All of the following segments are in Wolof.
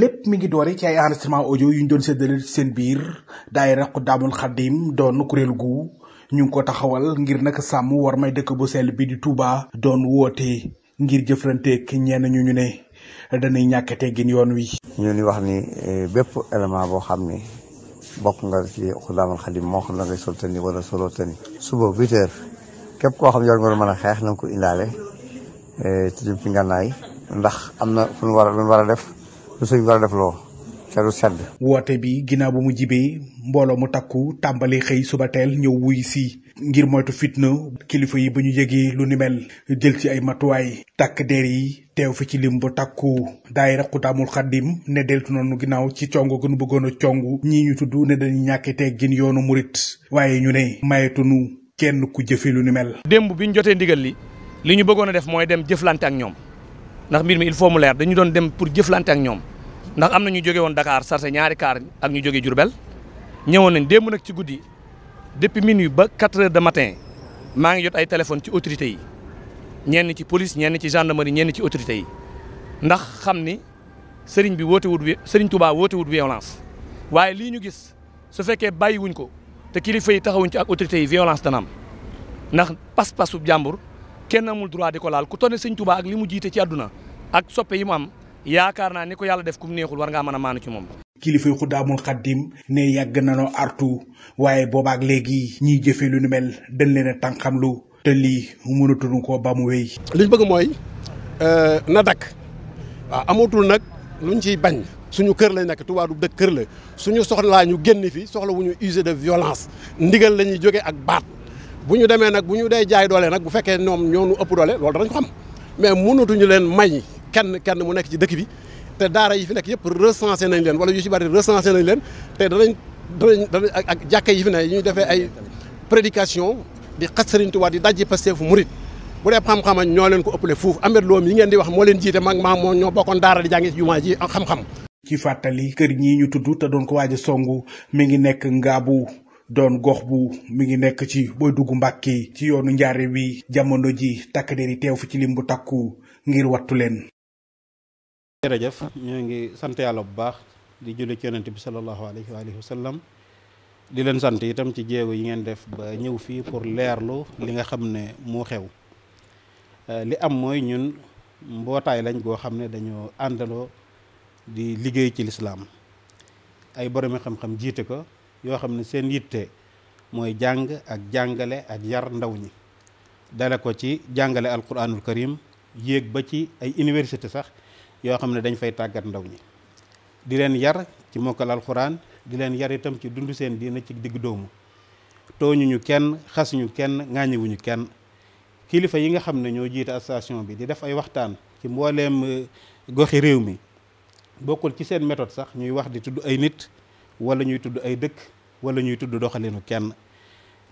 lépp mi ngi door ci ay enregistrement audio yu ñu doon séddale seen biir daayira Xudaamul Xadim doon kuréel gu ñu ngi ko taxawal ngir nag sàmm war may dëkk bu sell bi di Touba. doon woote ngir jëflanteeg ñenn ñu ñu ne dañuy ñàkk gin yoon wi. ñu ni wax ni eh, bépp élément boo xam ni bokk nga ci Xudaamul Xadim moo xam na ngay soltani wala solotani. suba 8h képp koo xam yor nga mën a xeex na nga ko indaale ci eh, fi ngànnaay ndax am na fu war a a def. lu sëñ bi def loo te lu sedd. woote bi ginnaaw bu mu jibee mbooloo mu takku tàmbali xëy suba teel ñëw wuy si ngir moytu fitna kilifa yi ba ñu yëgee lu ni mel jël ci ay matuwaay takk der yi teew fi ci lim bu takku daayira Xudaamul Xaddim ne deltu nu ginnaaw ci congo gënu bëggoon a cong ñii ñu tudd ne dañuy ñàkk teggin yoonu murit waaye ñu ne nu kenn ku jëfee lu ni mel. démb bi ñu jotee ndigal li li ñu bëggoon a def mooy dem jëflante ak ñoom ndax mbir mi il mu leer dañu doon dem pour jëflante ak ñoom. ndax am na ñu jóge woon Dakar sarse ñaari kaar ak ñu jóge Diourbel ñëwoon nañ démb nag ci guddi depuis minuit ba 4 heures de matin maa ngi jot ay téléphone ci autorité yi ñenn ci police ñenn ci gendarmerie ñenn ci autorités yi ndax xam ni sëriñ bi woote wut sëriñ tubaa woote wut violence waaye lii ñu gis su fekkee wuñ ko te kilifa yi taxawuñ ci ak autorité yi violance dana am ndax pas-pasu jàmbur kenn amul droit di ko laal ku tone sëriñ Touba ak li mu jiite ci àdduna ak soppe yi mu am. yaakaar naa ni ko yàlla def kum neexul war ngaa mën a maanu ci moom. kilifay Xuddaamul Xaddim ne yàgg nañoo artu waaye booba ak léegi ñiy jëfee lu nu mel dañ leen a lu te lii mënatuñu koo ba mu wéy. liñ bëgg mooy euh, na dakk waaw amatul nag luñ ciy bañ. suñu kër lañ nekk Touba du dëkk kër la suñu soxlaa ñu génn fi soxla wu ñu user de violence ndigal la ñuy jóge ak baat bu ñu demee nag bu ñu dee jaay doole nag bu fekkee ñoom ñoo ëpp doole loolu danañ ko kenn kenn mu nekk ci dëkk bi te daara yi fi nekk yëpp recensé nañ leen wala yu si bari recensé nañ leen te danañ danañ danañ ak jàkka yi fi ne yu ñu defee ay prédication di xas Sëriñ Tuubaa di dajji Pastefu murit bu dee xam-xam ñoo leen ko ëppale fuuf amet loom yi ngeen di wax moo leen jiite mag maa moo ñoo bokkoon daara di jàngi ci jumaa ji xam-xam ci fàttali kër ñii ñu tudd te doon ko waaj song songu mi ngi nekk ngaabu doon gox bu mi ngi nekk ci booy dugg Mbàkke ci yoonu njaare wi jamono ji takk der yi teew ci lim bu takku ngir wattu leen jërëjëf ñoo ngi sant yàlla bu baax di julli ci yonent bi sallallahu alayhi wa alihi wa sallam di leen sant itam ci jéego yi ngeen def ba ñëw fii pour leerlu li nga xam ne moo xew euh, li am mooy ñun mbootaay lañ goo xam ne dañoo àndandoo di liggéey ci lislaam ay boromi xam-xam jiite ko yoo xam ne seen yitte mooy jàng ak jàngale ak yar ndaw ñi dale ko ci jàngale alquranul karim yéeg ba ci ay université sax yoo xam ne dañ fay tàggat ndaw ñi di leen yar ci mokkal alxuraan di leen yar itam ci dundu seen diina ci digg doomu tooñuñu kenn xasuñu kenn ŋaañiwuñu kenn kilifa yi nga xam ne ñoo jiite association bi di def ay waxtaan ci mbooleem euh, goxi réew mi bokkul ci seen méthode sax ñuy wax di tudd ay nit wala ñuy tudd ay dëkk wala ñuy tudd doxalinu kenn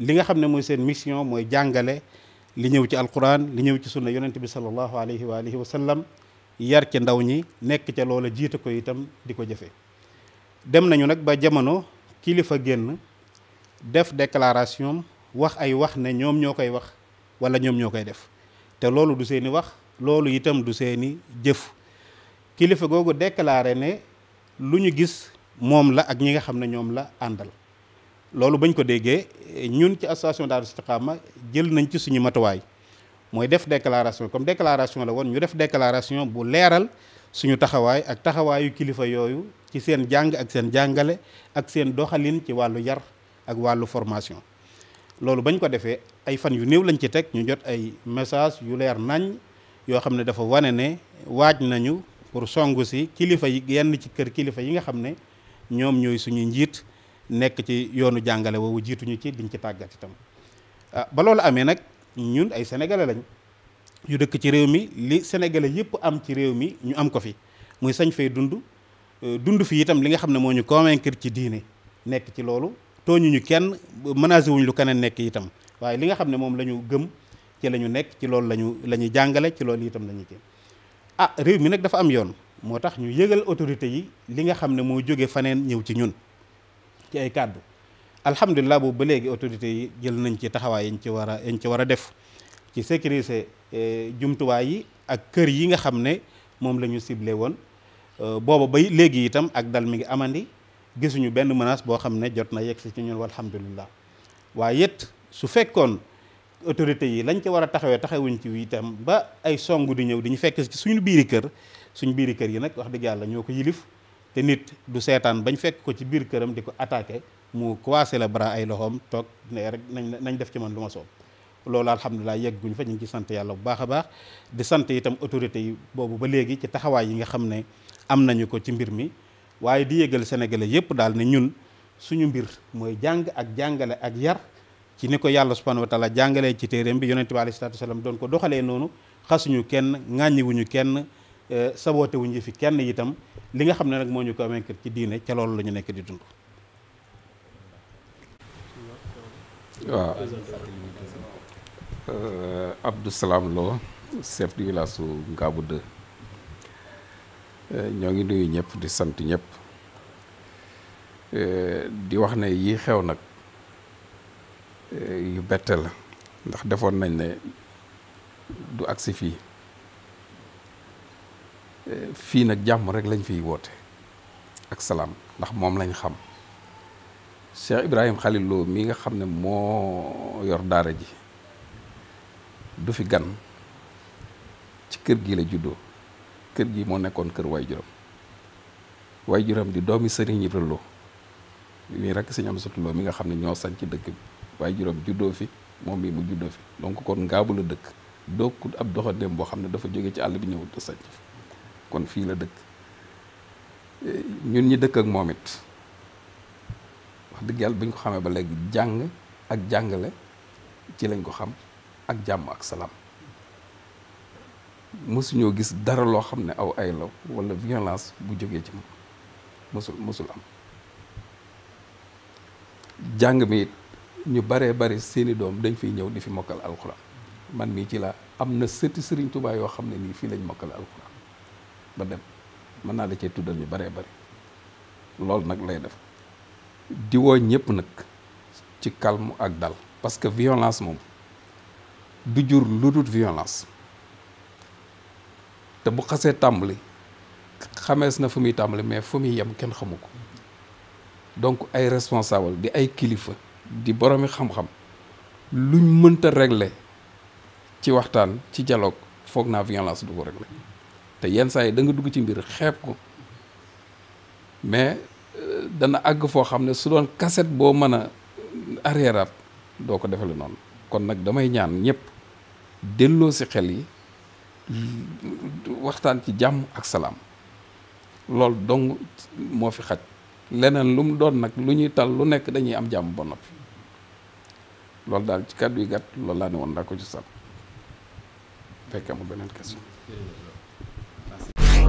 li nga xam ne mooy seen mission mooy jàngale li ñëw ci alquran li ñëw ci sunna yonent bi sallallahu alayhi wa alihi yar ci ndaw ñi nekk ca loola jiite ko itam di ko jëfe dem nañu nag ba jamono kilifa génn def déclaration wax ay wax ne ñoom ñoo koy wax wala ñoom ñoo koy def te loolu du seeni wax loolu itam du seeni jëf kilifa googu déclaré ne lu ñu gis moom la ak ñi nga xam ne ñoom la àndal loolu bañ ko déggee ñun ci association Daaru Istiqaama jël nañ ci suñu matuwaay mooy def déclaration comme déclaration la woon ñu def déclaration bu leeral suñu taxawaay ak taxawaayu kilifa yooyu ci seen jàng ak seen jàngale ak seen doxalin ci wàllu yar ak wàllu formation loolu bañ ko defee ay fan yu néew lañ ci teg ñu jot ay message yu leer nañ yoo xam ne dafa wane ne waaj nañu pour songu si kilifa yi yenn ci kër kilifa yi nga xam ne ñoom ñooy suñu njiit nekk ci yoonu jàngale woowu jiituñu ci diñ ci tàggat itam ah, ba loolu amee nag ñun ay sénégalais lañ yu dëkk ci réew mi li sénégalais yëpp am ci réew mi ñu am ko fi muy sañ fee dund euh, dund fi itam li nga xam ne moo ñu convaincre ci diine nekk ci loolu tooñu ñu kenn menacé wuñ lu keneen nekk itam waaye li nga xam ne moom la ñu gëm ci la ñu nekk ci loolu la ñu la ñu jàngale ci loolu itam la ñu ah réew mi nag dafa am yoon moo tax ñu yëgal autorité yi li nga xam ne moo jóge faneen ñëw ci ñun ci ay kàddu alhamdulilah boobu ba léegi autorités yi jël nañ ci taxawaay yañ ci war a yañ ci war a def ci sécuriser eh, jumtuwaay yi ak kër yi nga xam ne moom la ñu ciblé woon euh, booba ba léegi itam ak dal mi ngi amandi gisuñu benn menace boo xam ne jot na yegsi ci ñun walhamdulilah waaye it su fekkoon autorités yi lañ ci war a taxawee taxawuñ ci itam ba ay songu di ñëw di ñu fekk ci suñu biiri kër suñu biiri kër yi nag wax dëgg yàlla ñoo ko yilif te nit du seetaan bañ fekk ko ci biir këram di ko attaqué mu croisé le bras ay loxoom toog ne rek nañ nañ def ci man lu ma soob loolu alhamdulilah yegguñ fa ñu ngi ci sant yàlla bu baax a baax di sant itam autorité yi boobu ba léegi ci taxawaay yi nga xam ne am nañu ko ci mbir mi waaye di yëgal sénégalais yëpp daal ne ñun suñu mbir mooy jàng ak jàngale ak yar ci ni ko yàlla subhanahu wa taala jàngalee ci téeréem bi yonente bi alayhi salaatu wasalaam doon ko doxalee noonu xasuñu kenn ŋàññiwuñu kenn Euh, saboote wuñ fi kenn itam li nga xam ne nag moo ñu convaincre ci diine ca loolu la nekk di dund. waaw euh, Abdou Salam Lo chef du village su Ngabou 2 euh, ñoo ngi nuyu ñëpp di sant ñëpp di wax ne yii xew nag yu bette la ndax defoon nañ ne du agsi fii fii nag jàmm rek lañ fiy woote ak salaam ndax moom lañ xam Cheikh Ibrahim Khalil Lo mi nga xam ne moo yor daara ji du fi gan ci kër gii la juddoo kër gii moo nekkoon kër waajuram waajuram di doomi Serigne Ibra Lo mii rek Serigne Amsatou Lo mi nga xam ne ñoo sañ ci dëkk bi juróom juddoo fi moom mii mu juddoo fi donc kon ngaabu la dëkk dookul ab doxandéem boo xam ne dafa jóge ci àll bi ñëw te sañ fi kon fii la dëkk ñun ñi dëkk ak moom it wax dëgg yàlla bi ko xamee ba léegi jàng ak jàngale ci lañ ko xam ak jàmm ak salaam mosuñoo gis dara loo xam ne aw aylaw la walla violence bu jógee ci moom mosul mosul am jàng mi it ñu baree bari seeni doom dañ fi ñëw di fi mokkal alxuraan man mii ci laa am na sëti sëriñ Tuubaa yoo xam ne nii fii lañ mokkal alxuraan ba dem mën naa la cee tuddal yu baree bari loolu nag lay def di woo ñëpp nag ci calme ak dal parce que violence moom du jur lu dul violence te bu xasee tàmbali xamees na fu muy tàmbali mais fu muy yem kenn xamu ko donc ay responsable di ay kilifa di boroomi xam-xam luñ mënta régler ci waxtaan ci jaloog foog naa violence du ko régler te yenn saa yi danga dugg ci mbir xeeb ko mais euh, dana àgg foo xam ne su doon cassette boo mën a arriéraat doo ko defale noonu kon nag damay ñaan ñëpp delloo si xel yi waxtaan ci jàmm ak salaam loolu dong moo fi xaj leneen lu mu doon nag lu ñuy tal lu nekk dañuy am jàmm ba noppi loolu daal ci kàddu yi gàtt loolu laa ne woon daa ko ci sànn fekkee amul beneen question